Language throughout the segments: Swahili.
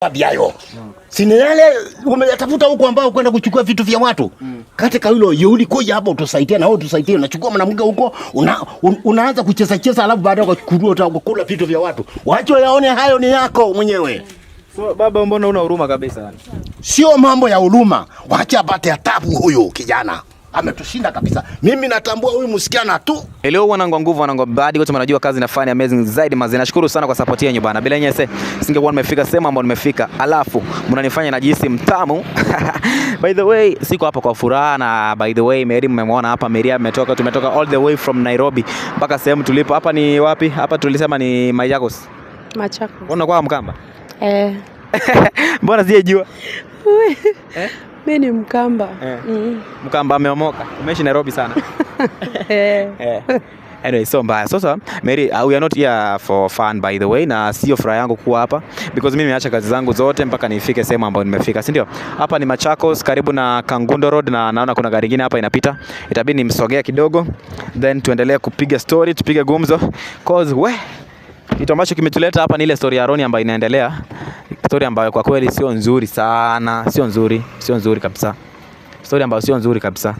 Abiayo. Mm. Sina yale umetafuta huko ambao kwenda kuchukua vitu vya watu. Mm. Kati ka hilo yuli koja hapo utusaidia na wewe utusaidie unachukua mwanamke huko una, un, unaanza kucheza cheza alafu baadaye ukachukua utakula vitu vya watu. Wacho yaone hayo ni yako mwenyewe. So baba mbona una huruma kabisa Sio mambo ya huruma. Wacha apate atabu huyu kijana ametushinda kabisa. Mimi natambua huyu msikiana tu. Leo wanangu wa nguvu, wanangu badi wote wanajua kazi inafanya amazing zaidi mazee. Nashukuru sana kwa support yenu bana, bila nyinyi singekuwa nimefika sema ambao nimefika, alafu mnanifanya najihisi mtamu by the way, siko hapa kwa furaha. Na by the way, Mary mmemwona hapa, Mary ametoka, tumetoka all the way from Nairobi mpaka sehemu tulipo hapa. Ni wapi hapa? Tulisema ni Machakos. Machakos. kwa Mkamba eh? Mbona sijajua eh? Mimi ni Mkamba. Eh. Mm. Mkamba ameomoka. Umeishi Nairobi sana. eh. eh. Anyway, so mbaya. Sasa Mary, uh, we are not here for fun by the way, na sio furaha yangu kuwa hapa because mimi nimeacha kazi zangu zote mpaka nifike sehemu ambayo nimefika, si ndio? Hapa ni Machakos karibu na Kangundo Road, na naona kuna gari ingine hapa inapita, itabidi nimsogea kidogo, then tuendelee kupiga story, tupige gumzo cause we kitu ambacho kimetuleta hapa ni ile story ya Aroni ambayo inaendelea, story ambayo kwa kweli sio nzuri sana, sio nzuri, sio nzuri kabisa, story ambayo sio nzuri kabisa.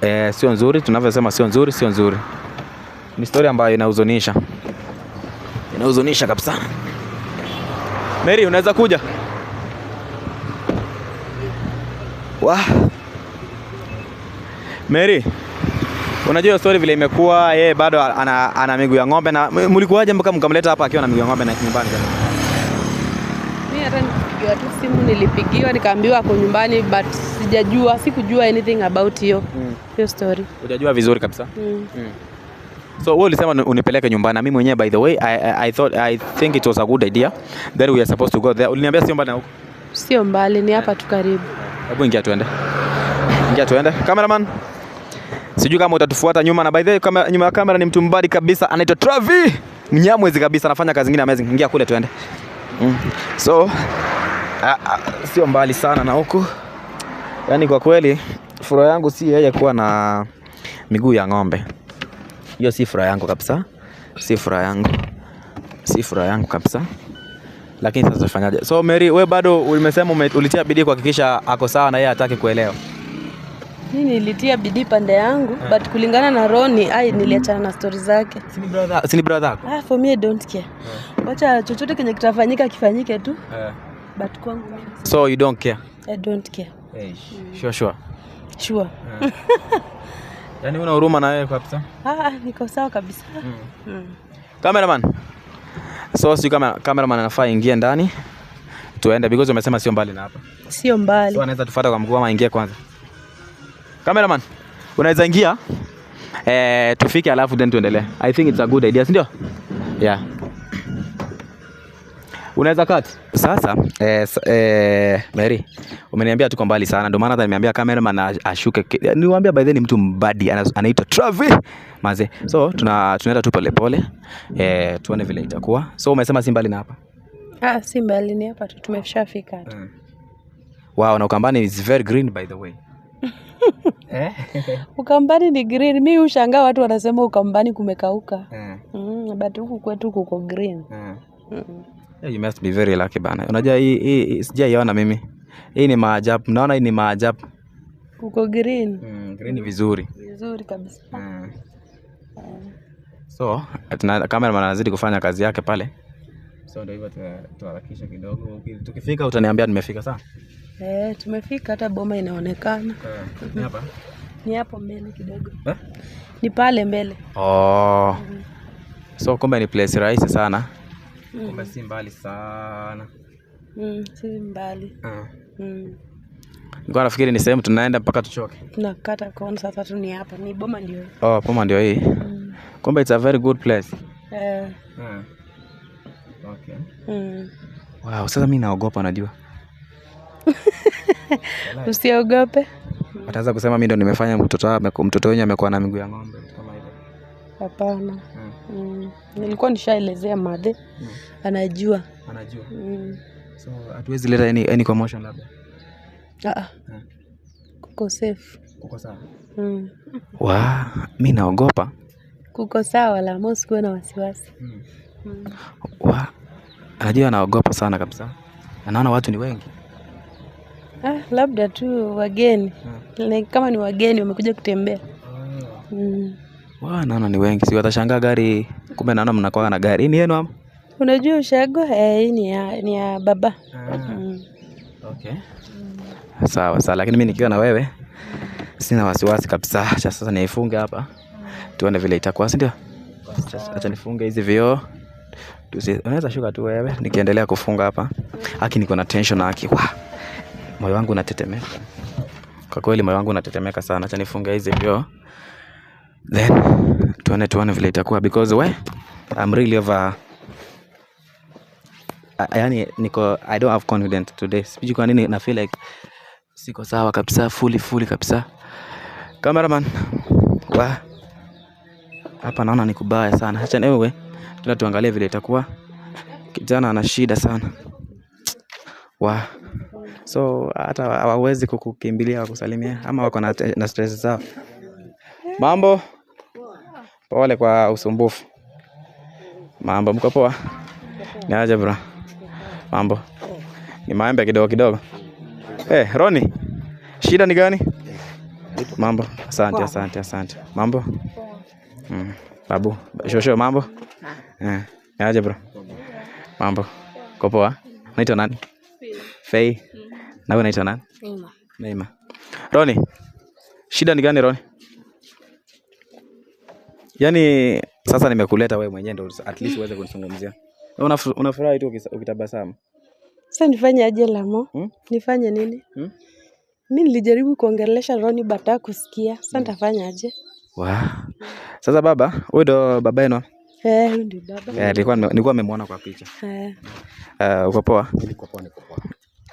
E, sio nzuri, tunavyosema sio nzuri, sio nzuri, ni story ambayo inahuzunisha, inahuzunisha kabisa. Mary, unaweza kuja Wah. Mary Unajua story vile imekuwa, yeye bado ana, ana miguu ya ng'ombe. Na mlikuwaje mpaka mkamleta hapa akiwa na miguu ya ng'ombe na nyumbani? Mimi hata nilipigiwa tu simu, nilipigiwa nikaambiwa ako nyumbani, but sijajua, sikujua anything about hiyo mm. hiyo story. Hujajua vizuri kabisa mm. Mm. So wewe ulisema unipeleke nyumbani na mimi mwenyewe by the way I, I, I thought I think it was a good idea that we are supposed to go there. Uliniambia sio mbali na huko. Sio mbali, ni hapa tu karibu. Hebu ingia tuende. Ingia tuende. Cameraman. Sijui kama utatufuata nyuma, na by the way, kama nyuma ya kamera ni mtu mbali kabisa, anaitwa Travi Mnyamwezi kabisa, anafanya kazi nyingine amazing. Ingia kule tuende. Mm. So a, ah, a, ah, sio mbali sana na huku, yaani kwa kweli furaha yangu si yeye kuwa na miguu ya ng'ombe. Hiyo si furaha yangu kabisa, si furaha yangu, si furaha yangu kabisa lakini sasa tufanyaje? So Mary, we bado umesema ulitia bidii kuhakikisha ako sawa na yeye hataki kuelewa mi nilitia bidii pande yangu yeah. but kulingana na Roni ai niliachana na stori zake. Sini brother, sini brother yako? Ah, for me I don't care. Yeah. Wacha chochote kenye kitafanyika kifanyike tu. Yeah. But kwangu mimi. So you don't care? I don't care. Hey, eh, Sure sure. Sure. Yeah. Yaani una huruma na yeye kabisa? Ah, niko sawa kabisa. Mm. Mm. Cameraman. So si kama cameraman anafaa ingie ndani tuende because umesema sio mbali na hapa. Sio mbali. So anaweza tufuata kwa mguu ama ingie kwanza. Cameraman, unaweza ingia eh, tufike alafu then tuendelee. I think it's a good idea, si ndio? Yeah. Unaweza cut. Sasa eh, eh, Mary umeniambia tuko mbali sana, ndio maana hata nimeambia cameraman ashuke. Niwaambia by the ni mtu mbadi anaitwa Travi maze, so tuna tunaenda tu pole pole eh, tuone vile itakuwa. So umesema si mbali na hapa? Ah, si mbali, ni hapa tu tumeshafika tu. mm. Wow, na Ukambani is very green by the way eh? Ukambani ni green. Mi ushangaa watu wanasema Ukambani kumekauka. Eh. Mm, but huku kwetu kuko green. Eh. Mm. You must be very lucky bana. Unajua hii hii sijaiona mimi. Hii ni maajabu. Naona hii ni maajabu. Kuko green. Mm, green mm. vizuri. Vizuri kabisa. Mm. Mm. So, tuna cameraman anazidi kufanya kazi yake pale. So ndio hivyo tunaharakisha kidogo. Tukifika utaniambia nimefika sawa? Eh, tumefika hata boma inaonekana. Eh, ni hapa? Ni hapo mbele kidogo. Eh? Ni pale mbele. Oh. Mm So kumbe ni place rahisi sana. Mm Kumbe si mbali sana. Mm, si mbali. Ah. Mm. Nilikuwa nafikiri ni sehemu tunaenda mpaka tuchoke. Tunakata kona sasa tu ni hapa. Ni boma ndio. Oh, boma ndio hii. Mm. Kumbe it's a very good place. Eh. Yeah. Okay. Mm. Wow, sasa mimi naogopa unajua usiogope. ataweza kusema mimi ndo nimefanya mtoto mtoto wenyewe amekuwa na miguu ya ng'ombe kama hivyo. Hapana. Mm. Nilikuwa nishaelezea madhe. Mm. Anajua. Anajua. Mm. So hatuwezi leta any, any commotion labda. Ah. ah. Hmm. Kuko safe. Kuko sawa. Mm. Wa, mimi naogopa. Kuko sawa la mosi kuwa na wasiwasi. Mm. Mm. Wa, anajua anaogopa sana kabisa. Anaona watu ni wengi. Ah, labda tu wageni ah. na kama ni wageni wamekuja kutembea ah. mm. Wa, naona ni wengi, si watashangaa gari, kumbe naona mnakuwa na gari. Hii ni yenu ama? Unajua ushago eh, hey, ni ya, ni ya baba ah. mm. Okay. Sawa sawa, lakini mimi nikiwa na wewe sina wasiwasi kabisa. Cha sasa niifunge hapa, tuone vile itakuwa, si ndio? Acha nifunge hizi vioo unaweza shuka tu wewe, nikiendelea kufunga hapa. Aki niko na tension aki. Wow. Moyo wangu unatetemeka. Kwa kweli moyo wangu unatetemeka sana. Acha nifunge hizi vioo. Then tuone tuone vile itakuwa because we I'm really over yani niko I don't have confidence today. Sijui kwa nini na feel like siko sawa kabisa, fully fully kabisa. Cameraman. Wa hapa naona ni kubaya sana. Acha anyway, tuna tuangalie vile itakuwa. Kijana ana shida sana. Wa wow so hata hawawezi kukukimbilia wakusalimia ama wako na, na stress zao mambo pole kwa usumbufu mambo mko poa ni aje bro mambo ni maembe kidogo kidogo hey, eh, roni shida ni gani mambo asante asante asante mambo mm. babu shosho mambo niaje eh, ni aje bro mambo kopoa naitwa nani fei mm. Na wewe unaitwa nani? Neema. Neema. Roni. Shida ni gani Roni? Yaani sasa nimekuleta wewe mwenyewe ndio at least uweze kunizungumzia. Unafurahi tu ukitabasamu. Sasa nifanye aje Lamo? Hmm? Nifanye nini? Hmm? Mimi nilijaribu kuongelesha Roni bata kusikia. Sasa hmm. nitafanya aje? Wow. Sasa baba, wewe ndo baba yenu? Eh, ndio baba. Eh, nilikuwa nilikuwa nimemwona kwa picha. Eh. Uh, uko poa? Niko poa, niko poa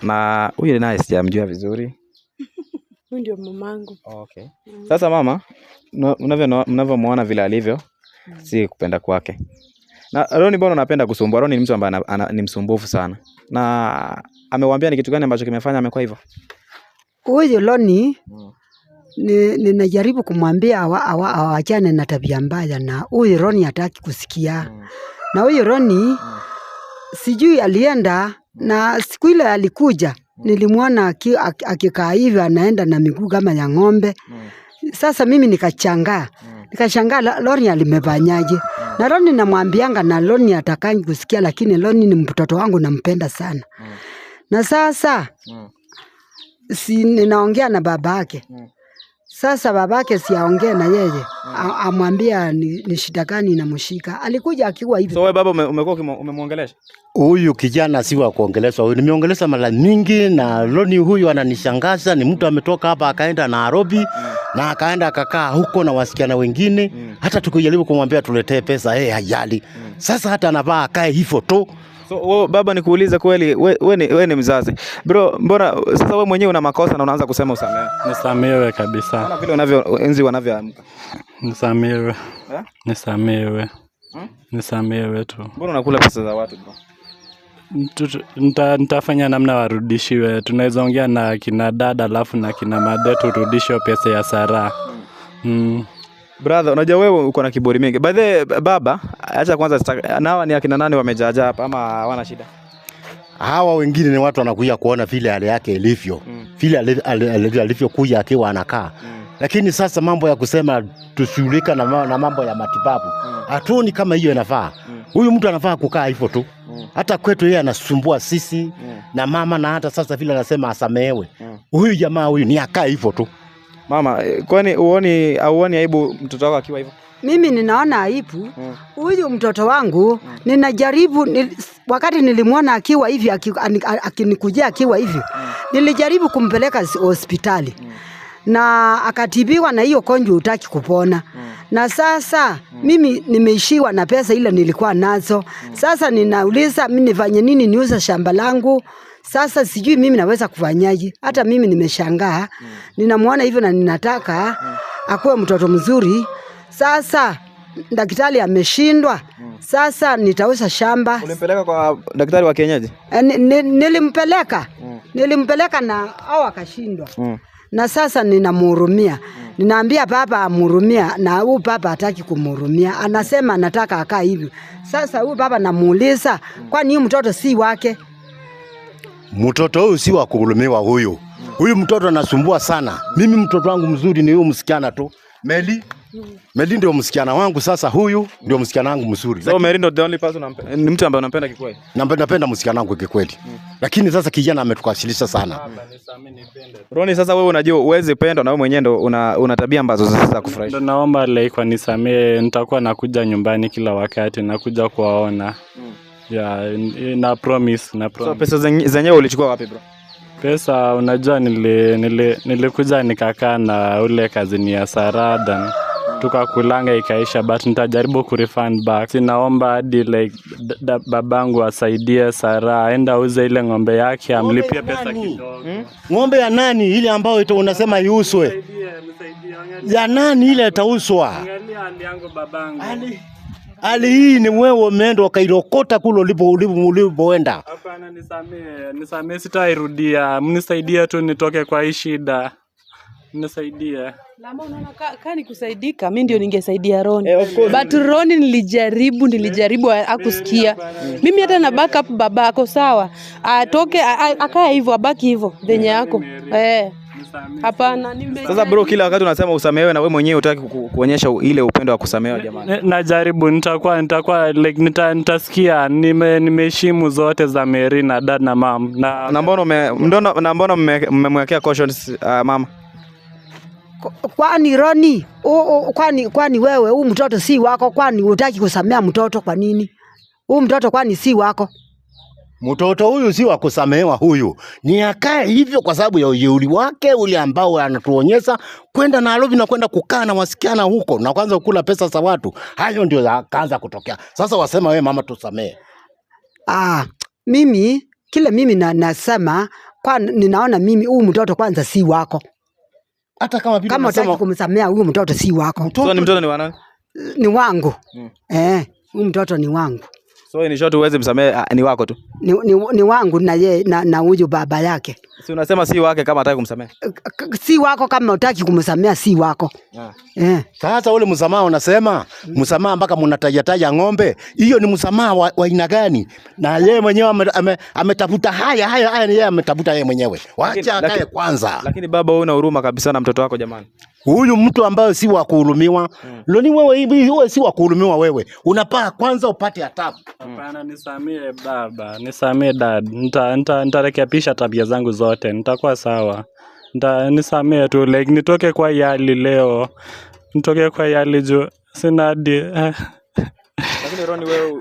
na huyu naye sijamjua vizuri huyu ndio mamangu. Oh, okay. Mm. Sasa mama, mnavyomwona vile alivyo mm. si kupenda kwake. Na Roni bwana anapenda kusumbua. Roni ni mtu ambaye ni msumbufu sana. Na amewaambia ni kitu gani ambacho kimefanya amekuwa hivyo? Huyu Roni mm. ninajaribu ni kumwambia awachane na tabia mbaya, na huyu Roni hataki kusikia mm. na huyu Roni mm. sijui alienda na siku ile alikuja mm. nilimwona akikaa hivyo anaenda na miguu kama ya ng'ombe. Mm. Sasa mimi nikachangaa mm. nikashangaa Loni alimefanyaje? Na Loni namwambianga na Loni atakangi kusikia, lakini Loni ni mtoto wangu nampenda sana. Na sasa si ninaongea na baba yake sasa babake siaongee na yeye amwambia ni, ni shida gani inamshika. Alikuja akiwa hivi. So wewe baba umekuwa ume, umemwongelesha huyu kijana? Si wa kuongelesha. huyu, nimeongelesha mara nyingi, na loni huyu ananishangaza. Ni mtu ametoka hapa akaenda Nairobi mm. na akaenda akakaa huko na wasichana wengine mm. hata tukijaribu kumwambia tuletee pesa yeye hey, hajali mm. Sasa hata anavaa akae hivyo tu So oh, baba, nikuulize kweli, we, we, ni, we ni mzazi bro, mbona sasa wewe mwenyewe una makosa na unaanza kusema usamehe? Nisamehewe kabisa. Unaona vile unavyo enzi wanavyoamka. Nisamehewe. Eh? Nisamehewe. Hmm? Nisamehewe tu. Mbona unakula pesa za watu bro? Nita, nitafanya namna warudishiwe. Tunaweza ongea na kina dada alafu na kina made turudishiwe pesa ya Sara. Mm. Hmm. Brother, unajua wewe uko na kiburi mingi. By the baba, acha kwanza nawa ni akina nani wamejaja hapa ama hawana shida? Hawa wengine ni watu wanakuja kuona vile hali yake ilivyo. Mm. Vile alivyokuja akiwa anakaa. Mm. Lakini sasa mambo ya kusema tushughulika na, na mambo ya matibabu. Mm. Hatuoni mm. kama hiyo inafaa. Mm. Huyu mm. mtu anafaa kukaa hivyo tu. Mm. Hata kwetu yeye anasumbua sisi mm. na mama na hata sasa vile anasema asamehewe. Mm. Huyu mm. jamaa huyu ni akaa hivyo tu. Mama, kwani uoni auoni aibu mtoto wako akiwa hivyo? Mimi ninaona aibu hmm. huyu hmm. mtoto wangu hmm. ninajaribu nil, wakati nilimwona akiwa hivi akinikujia akiwa hivi hmm. nilijaribu kumpeleka hospitali hmm na akatibiwa na hiyo konjwa utaki kupona hmm. na sasa hmm. mimi nimeishiwa na pesa ile nilikuwa nazo hmm. sasa ninauliza mimi nifanye nini niuze shamba langu sasa sijui mimi naweza kufanyaje. Hata mimi nimeshangaa, mm. ninamwona hivyo na ninataka mm. akuwe mtoto mzuri. Sasa daktari ameshindwa. Mm. Sasa nitauza shamba. Ulimpeleka kwa daktari wa kienyeji? E, nilimpeleka mm. nilimpeleka na au akashindwa mm. na sasa ninamhurumia mm. ninaambia papa amhurumia, na huu papa hataki kumhurumia, anasema anataka akaa hivyo. Sasa huyu papa namuuliza, mm. kwani huyu mtoto si wake? mtoto huyu si wa kulumiwa huyu. Huyu mtoto anasumbua sana. Mimi mtoto wangu mzuri ni huyu msichana tu. Meli Meli ndio msichana wangu sasa, huyu ndio msichana wangu mzuri. So Meli ndio the only person Ni mtu ambaye unampenda kikweli? Nampenda napenda msichana wangu kikweli. Mm. Lakini sasa kijana ametukashilisha sana. Roni, sasa wewe unajua uweze pendwa na wewe mwenyewe ndio una, una tabia ambazo sasa kufurahisha. Naomba leo kwa nisamee, nitakuwa nakuja nyumbani kila wakati, nakuja kuwaona. Yeah, na promise, na promise. So pesa zenyewe ulichukua wapi bro? Pesa unajua, nilikuja nili, nili nikakaa na ule kazini ya Sarada tukakulanga ikaisha, but nitajaribu refund back. Sinaomba hadi like babangu asaidie Sara aenda uze ile ng'ombe yake amlipie pesa kidogo. Hmm? Ng'ombe ya nani ile ambayo unasema iuswe? Ya nani ile itauswa? Angalia hali yangu babangu. Ali hali hii ni wewe umeenda ukairokota kule ulipo ulipoenda. Hapana, nisamee, nisamee, sitairudia. Mnisaidie tu nitoke kwa hii shida, mnisaidie. Lama, unaona nikusaidika mi ndio ningesaidia Roni eh, but Roni nilijaribu nilijaribu akusikia eh, mimi hata na backup babako sawa, atoke a- akae hivyo abaki hivyo venye eh, yako eh. Hapana, nimesamehe. Sasa bro, kila wakati unasema usamehewe na wewe mwenyewe utaki kuonyesha ile upendo wa kusamehewa jamani. najaribu nitakuwa nitakuwa like nita, nitasikia nime nimeheshimu zote za Mary na dad na mom na, Na mbona ume, mdono, na mbona mmemwekea cautions uh, mama? Kwani Roni, kwani kwani wewe huu mtoto si wako? Kwani utaki kusamea mtoto kwa nini? Huu mtoto kwani si wako? mtoto huyu si wa kusamehewa, huyu ni akae hivyo kwa sababu ya ujeuri wake ule ambao anatuonyesha kwenda na Nairobi na kwenda kukaa na wasichana huko na kwanza kula pesa za watu. Hayo ndio akaanza kutokea sasa. Wasema we mama, tusamehe. Ah, mimi kile mimi na, nasema kwa ninaona mimi huu mtoto kwanza si wako, hata kama vile kama unataka kumsamehea huyu mtoto si wako. Mtoto ni mtoto ni wa nani? Ni wangu. Hmm. Eh, huyu mtoto ni wangu. So in short uweze msamehe ah, ni wako tu. Ni, ni, ni wangu na ye na, na huyu baba yake. Si unasema si wake kama hataki kumsamehe. Eh, si wako kama hataki kumsamehe si wako. Yeah. Eh. Sasa ule msamaha unasema msamaha mpaka taja ng'ombe. Hiyo ni msamaha wa, wa aina gani? Na yeye mwenyewe ametafuta ame, ame haya haya haya ni yeye ametafuta yeye mwenyewe. Wacha akae kwanza. Lakini baba wewe una huruma kabisa na mtoto wako jamani huyu mtu ambaye si wa kuhurumiwa mm. Loni wewe hivi wewe si wa kuhurumiwa, wewe unapaa kwanza upate adabu. Hmm. Hapana, nisamie baba, nisamie dad, nita nita, nita tabia zangu zote, nitakuwa sawa nita, nisamee tu like nitoke kwa yali leo, nitoke kwa yali juu sina hadi eh. Lakini Roni, wewe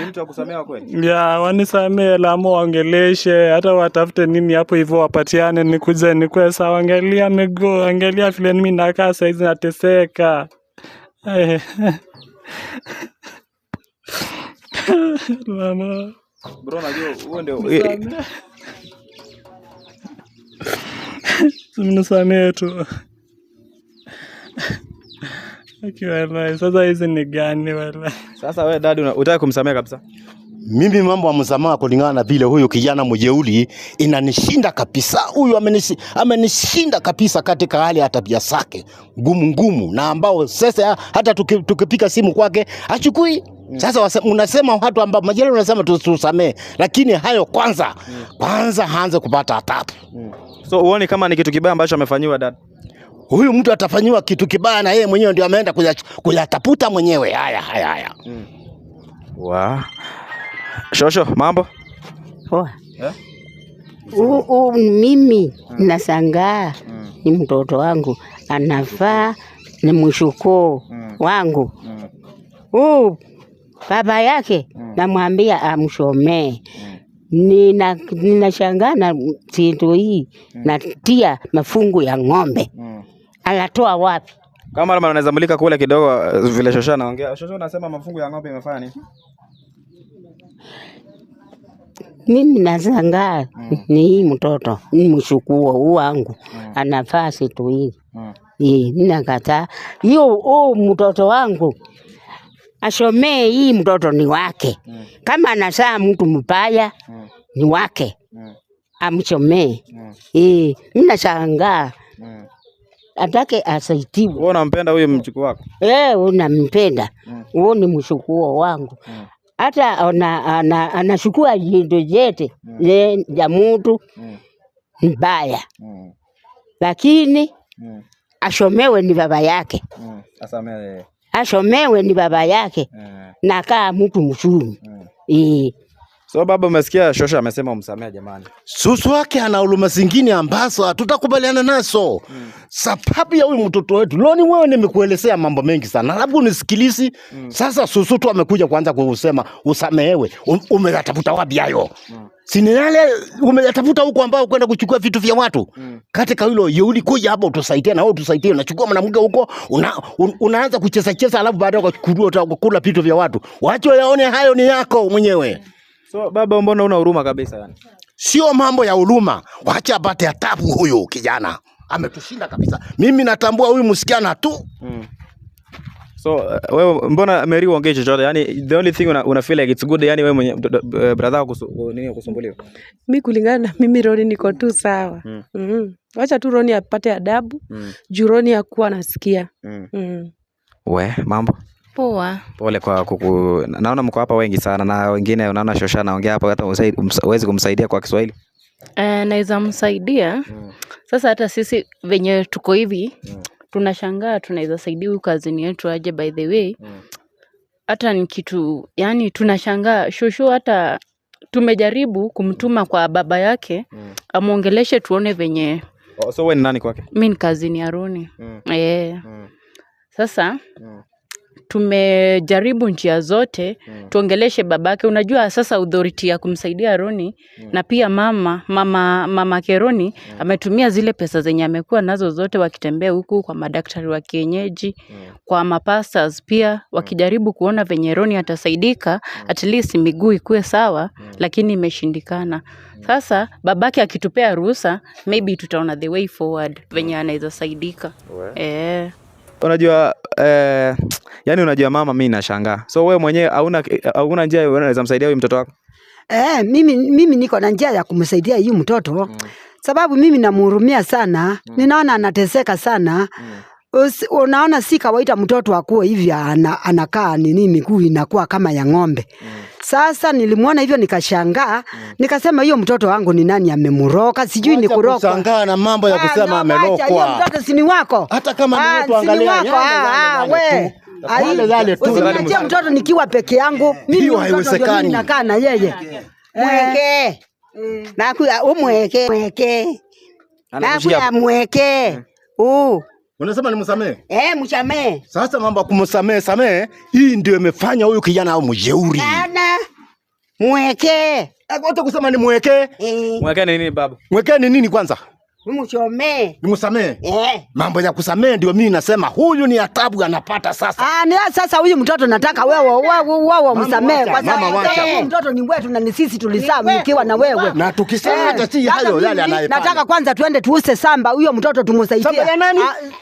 ni mtu wa kweli? Ya, wanisamee lamo, waongeleshe hata watafute nini hapo hivyo, wapatiane, nikuje nikuwe sawa. Angalia miguu, angalia vile mimi nakaa saizi, nateseka mama bro, najua huo ndio tu sasa hizi ni gani wala? Sasa wewe dadi unataka kumsamea kabisa? Mimi mambo ya msamaha kulingana na vile huyu kijana mjeuli inanishinda kabisa. Huyu amenishinda, kabisa katika hali ya tabia zake ngumu ngumu, na ambao sasa hata tukipika simu kwake achukui Mm. Sasa unasema watu ambao majirani unasema tusamee, lakini hayo kwanza mm. kwanza haanze kupata adhabu mm. So uone kama ni kitu kibaya ambacho amefanyiwa dada huyu mtu atafanyiwa kitu kibaya na yeye mwenyewe ndio ameenda kuyataputa mwenyewe. Haya haya haya. Mm. Shosho, mambo poa. Yeah? Uh, mimi mm. nasangaa mm. ni mtoto wangu anavaa ni mshukoo mm. wangu mm. Uh, baba yake mm. namwambia amshomee mm ninashangaa nina na vitu hii mm. natia mafungu ya ng'ombe mm anatoa wapi? Kameraman anaweza mulika kule kidogo, eh, vile Shosha naongea. Shosha, unasema mafungu ya ng'ombe imefanya nini? Mimi nashangaa mm. ni hii mtoto ni mshukuo huu wangu mm. anafaa situ hii mm. nakataa hiyo. huu mtoto wangu ashomee hii, mtoto ni wake mm. kama anasaa mtu mbaya mm. ni wake mm. amsomee mm. mimi nashangaa mm atake asaitiwe. Wewe unampenda huyo mjukuu wako? Eh, unampenda. Mm. Huo ni mshukuo wangu. Mm. Hata anashukua jindo jete ye mm. ya mtu mbaya, lakini ashomewe ni baba yake, ashomewe ni baba yake eh. na kaa mtu mzuri eh So baba, umesikia Shosha amesema umsamea jamani. Susu wake ana huruma zingine ambazo hatutakubaliana nazo mm. Sababu ya huyu mtoto wetu loni, wewe nimekuelezea mambo mengi sana, labda unisikilizi mm. Sasa Susu tu amekuja kuanza kusema usamehewe, um, umeyatafuta wapi hayo mm. Sini yale umeyatafuta huko ambao kwenda kuchukua vitu vya watu mm. katika hilo yuli kuja hapa utusaidie na wewe utusaidie, unachukua mwanamke huko una, un, unaanza kucheza cheza, alafu baadaye kula vitu vya watu. Wacho yaone hayo ni yako mwenyewe mm. So baba, mbona una huruma kabisa yani? Sio mambo ya huruma, wacha apate adhabu huyu kijana. Ametushinda kabisa. Mimi natambua huyu msichana tu. Mm. So uh, wewe mbona Mary uongee chochote? Yaani the only thing una, una feel like it's good yani wewe mwenyewe uh, brother wako kusu, nini kusumbuliwa? Mimi kulingana na mimi Roni niko tu sawa. Mm. Mm. Wacha tu Roni apate adabu. Mm. Juu Roni hakuwa anasikia. Mm. Mm. We mambo Poa. Pole kwa kuku. Naona mko hapa wengi sana na wengine unaona Shosha anaongea hapa hata uwezi kumsaidia kwa Kiswahili. Uh, naweza msaidia mm. Sasa hata sisi venye tuko hivi mm. tunashangaa tunaweza saidia huyu kazini yetu aje, by the way mm. hata ni kitu yani tunashangaa shushu, hata tumejaribu kumtuma kwa baba yake mm. amwongeleshe tuone venye oh, so wewe ni nani kwake? Mimi ni kazini Aruni mm. yeah. mm. sasa mm tumejaribu njia zote mm. tuongeleshe babake unajua sasa authority ya kumsaidia roni mm. na pia mama mama mama Keroni mm. ametumia zile pesa zenye amekuwa nazo zote wakitembea huku kwa madaktari wa kienyeji mm. kwa mapastors pia hmm. wakijaribu kuona venye Roni atasaidika mm. at least miguu ikue sawa mm. lakini imeshindikana mm. sasa babake akitupea ruhusa maybe tutaona the way forward venye anaweza saidika eh unajua eh, yani unajua mama, mi nashangaa. So wewe mwenyewe hauna hauna njia unaweza msaidia huyu mtoto wako? Eh, mimi, mimi niko na njia ya kumsaidia huyu mtoto mm. sababu mimi namhurumia sana mm. ninaona anateseka sana mm Unaona, si kawaida mtoto akuwe hivi ana, anakaa nini, miguu inakuwa kama ya ng'ombe mm. Sasa nilimwona hivyo nikashangaa, mm. nikasema hiyo mtoto wangu ni nani amemuroka, Sijui ni kuroka. Kushangaa na mambo ya ah, kusema amerokwa. Hiyo mtoto si ni wako. Hata kama ni ah, angalia. Ah, Wewe usiniachie mtoto nikiwa peke yangu, mm. mimi haiwezekani. Nakaa na yeye mm. mweke mm. umweke mweke mweke Unasema ni nimsamehe? Eh, msamehe. Sasa mambo ya kumsamehe samehe, hii ndio imefanya huyu kijana au mjeuri. Bana. Mweke. Hata eh, kusema ni mweke. Eh. Mweke ni nini baba? Mweke ni nini kwanza? Mshomee. Nimsamee. Eh. Mambo ya kusamee ndio mimi nasema huyu ni adhabu anapata sasa. Ah, ni sasa huyu mtoto nataka wewe wewe wewe msamee kwa sababu huyu mtoto ni wetu na ni sisi tulisaa mkiwa na wewe. Na tukisema eh. hata si hayo yale anayepata. Nataka kwanza tuende tuuse samba huyo mtoto tumusaidie. Samba ya ah, nani?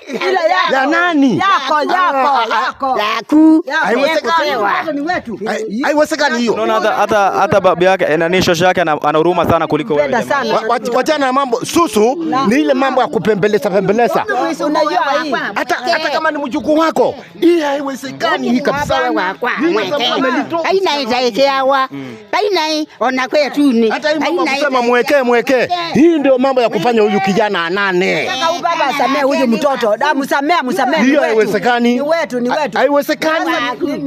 Ila ya ya nani? Yako ah, yako ah, yako. Yako. Haiwezekani ni wetu. Haiwezekani hiyo. Unaona hata hata hata babu yake eh, na shosho yake ana huruma sana kuliko wewe. Wachana na mambo susu ni ile mambo ya kupembeleza pembeleza. Hata hata kama ni mjukuu wako, hii haiwezekani hii yaani, kabisa. Haina itaekeawa baina ona kwa tu ni haina kusema mm. mwekee mwekee. Hii ndio mambo ya kufanya huyu kijana anane. Baba samea huyu mtoto, damu msamee msamee. Hiyo haiwezekani, ni wetu ni wetu, haiwezekani.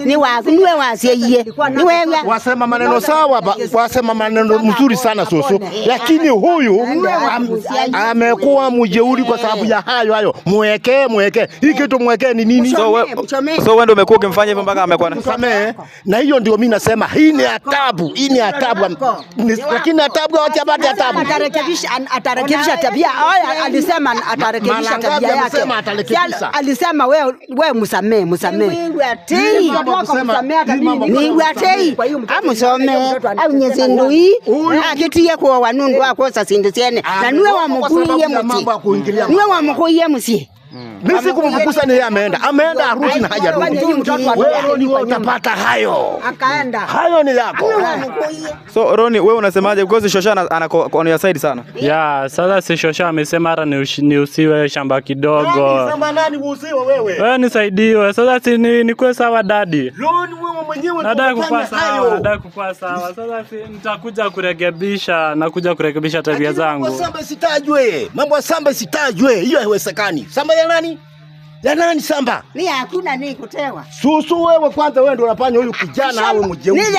Ni wako niwe wasieye ni wewe. Wasema maneno sawa, wasema maneno mzuri sana soso, lakini huyu amekuwa mjeuri kwa sababu ya hayo hayo. Mweke, mweke hii oh. kitu, mweke ni nini? So wewe so wewe ndio umekuwa ukimfanya hivyo mpaka amekuwa nasamee, na hiyo ndio mimi nasema hii ni adhabu, hii ni adhabu, lakini adhabu hawajapata adhabu. Atarekebisha atarekebisha tabia, alisema atarekebisha tabia yake, alisema wewe wewe msamee, msamee niwatei amusome aunyesindui akitie kuwa wanundu akosa sindisiene ah, na niwe wa mkuu yie mu ti nwe wɔn mo kɔ si. mimi si kumfukuza, ni yeye ameenda, ameenda arudi na hajarudi. Wewe ndio utapata hayo, akaenda hayo ni lako. So Roni, wewe unasemaje? Because Shosha anako on your side sana. Eh? Yeah, sasa si Shosha amesema hata ni usiwe shamba kidogo. Sema nani usiwe wewe? Wewe nisaidiwe. Sasa si ni nikuwe sawa dadi. Roni, wewe mwenyewe nataka kukuwa sawa, nataka kukuwa sawa. Sasa si nitakuja kurekebisha, nakuja kurekebisha tabia zangu. Samba sitajwe, mambo ya samba sitajwe, hiyo haiwezekani. Samba দেয় না নি Ya nani samba? Ni hakuna ni kutewa. Susu wewe kwanza wewe ndio unafanya huyu kijana awe Ni mjeuzi. Ni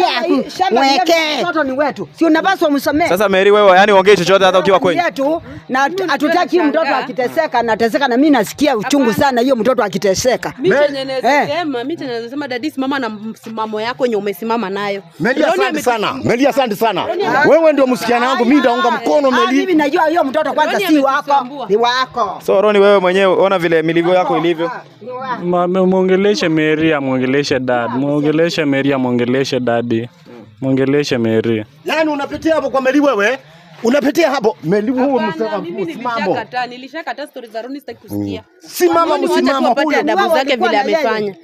yangu. Mimi weke. Mtoto ni wetu. Si unapaswa msomee. Sasa Mary wewe yani ongee chochote hata ukiwa kwenye. Yetu na hatutaki mtoto akiteseka na ateseka na mimi nasikia uchungu sana hiyo mtoto akiteseka. Mimi chenye nasema, eh. mimi chenye nasema dadisi mama na msimamo yako yenye umesimama nayo. Mary asante sana. Mary asante sana. Wewe ndio msichana wangu, mimi ndaunga mkono Mary. Ah, mimi najua hiyo mtoto kwanza si wako, ni wako. So Roni wewe mwenyewe ona vile milivyo yako ilivyo? Mwongeleshe Mary, mwongeleshe dad, ah, mwongeleshe Mary, mwongeleshe daddy, mwongeleshe Mary. Yani unapitia hapo kwa Mary wewe? Unapitia hapo Meli, huo msimamo. Nilishakata stori za Roni, sitaki kusikia. Mm. Simama msimamo huyo, adabu zake vile amefanya.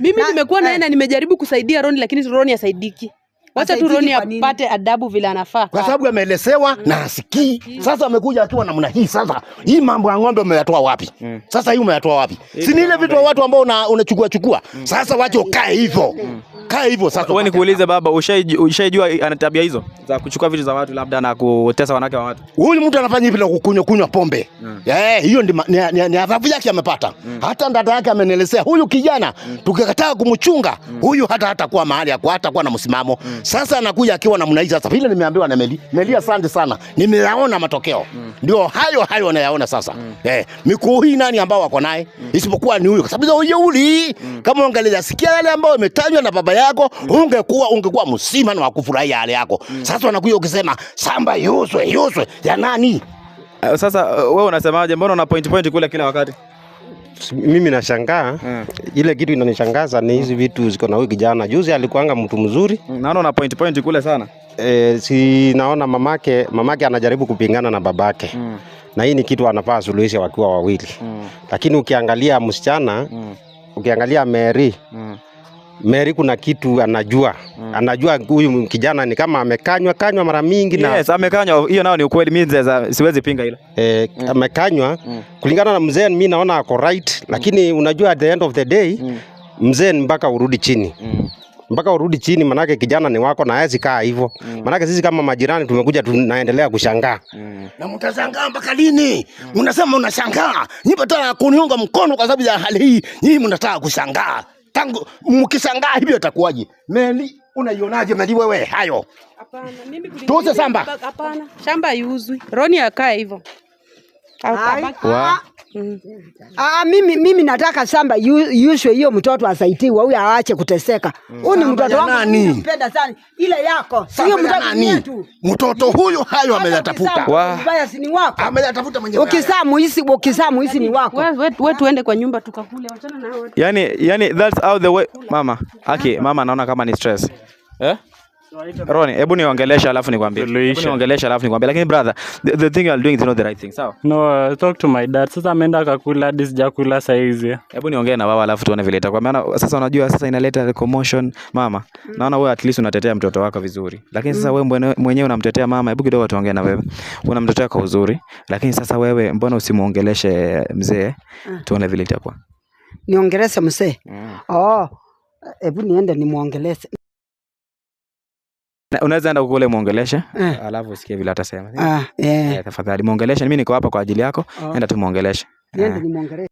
Mimi nimekuwa naye eh. na nimejaribu kusaidia Roni, lakini Roni asaidiki wacha tu Roni apate adabu vile anafaa, kwa sababu ameelezewa mm. na asikii. Sasa amekuja akiwa namna hii. Sasa hii mambo ya ng'ombe umeyatoa wapi? mm. Sasa hii umeyatoa wapi? si ni ile vitu wa watu ambao unachukua una chukua mm. Sasa wacha ukae hivyo mm. Kaa hivyo sasa. Wewe nikuulize baba, ushaijua ana tabia hizo za kuchukua vitu za watu labda na kutesa wanawake wa watu? Huyu mtu anafanya hivi na kukunywa kunywa pombe. Mm. Eh, hiyo ni ni adhabu yake amepata. Mm. Hata ndada yake amenielezea huyu kijana mm. tukikataa kumchunga mm. huyu hata hatakuwa mahali ya hata kuwa na msimamo. Mm. Sasa anakuja akiwa namna hii. Sasa vile nimeambiwa na Meli, Meli, asante sana, nimeyaona matokeo mm. ndio hayo hayo anayaona sasa mm. eh, mikuu hii nani ambao wako naye mm. isipokuwa ni huyo, kwa sababu uli mm. kama ungeleza sikia yale ambayo imetajwa na baba yako mm. ungekuwa ungekuwa msima na kufurahia yale yako mm. Sasa anakuja ukisema samba yuzwe yuzwe ya nani? Eh, sasa eh, wewe unasemaje? Mbona una point point kule kila wakati? mimi nashangaa hmm. Ile kitu inanishangaza ni hizi vitu ziko na huyu kijana. Juzi alikuanga mtu mzuri, naona na point point kule sana e, si naona mamake mamake anajaribu kupingana na babake hmm. Na hii ni kitu anafaa suluhisha wakiwa wawili hmm. Lakini ukiangalia msichana hmm. Ukiangalia Mary hmm. Mary kuna kitu anajua mm. anajua huyu kijana ni kama amekanywa kanywa mara mingi na... Yes, amekanywa hiyo nao ni ukweli, mimi siwezi pinga hilo eh, mm. amekanywa mm. kulingana na mzee, mimi naona ako right, mm. lakini mm. unajua at the end of the day mm. mzee mpaka urudi chini mm mpaka urudi chini, manake kijana ni wako na hawezi kaa hivyo mm. manake sisi kama majirani tumekuja tunaendelea kushangaa mm. na mtashangaa mpaka lini? mm. Unasema unashangaa, nyinyi mnataka kuniunga mkono kwa sababu ya hali hii, nyinyi mnataka kushangaa tangu mkishangaa hivyo itakuwaje? Meli unaionaje Meli wewe hayo? Hapana, mimi tuuze shamba. Hapana, shamba haiuzwi, Roni akae hivyo. Mm. Ah, Aa, ah, mimi, mimi nataka samba yushwe hiyo mtoto asaitiwa huyu aache kuteseka. Mm. Huyu mm. ni mtoto wangu mpenda sana, ile yako sio mtoto wetu. Mtoto huyu hayo ameyatafuta mbaya, si ni wako, ameyatafuta mwenyewe. Ukisamu hisi ukisamu hisi ni wako wewe, we, tuende kwa nyumba tukakule, wachana na hao. Yani, yani that's how the way mama. Okay, mama naona kama ni stress eh Roni, hebu niongelesha alafu nikwambie. Hebu niongelesha alafu nikwambie. Lakini brother, the, the thing you're doing is not the right thing, sawa? No, uh, talk to my dad. Sasa ameenda akakula hadi sijakula saa hizi. Hebu niongee na baba alafu tuone vile itakuwa. Maana sasa unajua sasa inaleta commotion mama. Mm. Naona wewe at least unatetea mtoto wako vizuri. Lakini sasa mm. wewe mwenyewe unamtetea mama. Hebu kidogo tuongee na wewe. Unamtetea kwa uzuri, lakini sasa wewe mbona usimuongeleshe mzee? Ah. Tuone vile itakuwa. Niongeleshe mzee? Mm. Oh, hebu niende nimwongeleshe. Unaweza enda kule muongeleshe eh, alafu usikie vile atasema. Ah, yeah. Eh, tafadhali muongeleshe, mimi niko hapa kwa ajili yako. Oh. Enda tu muongeleshe.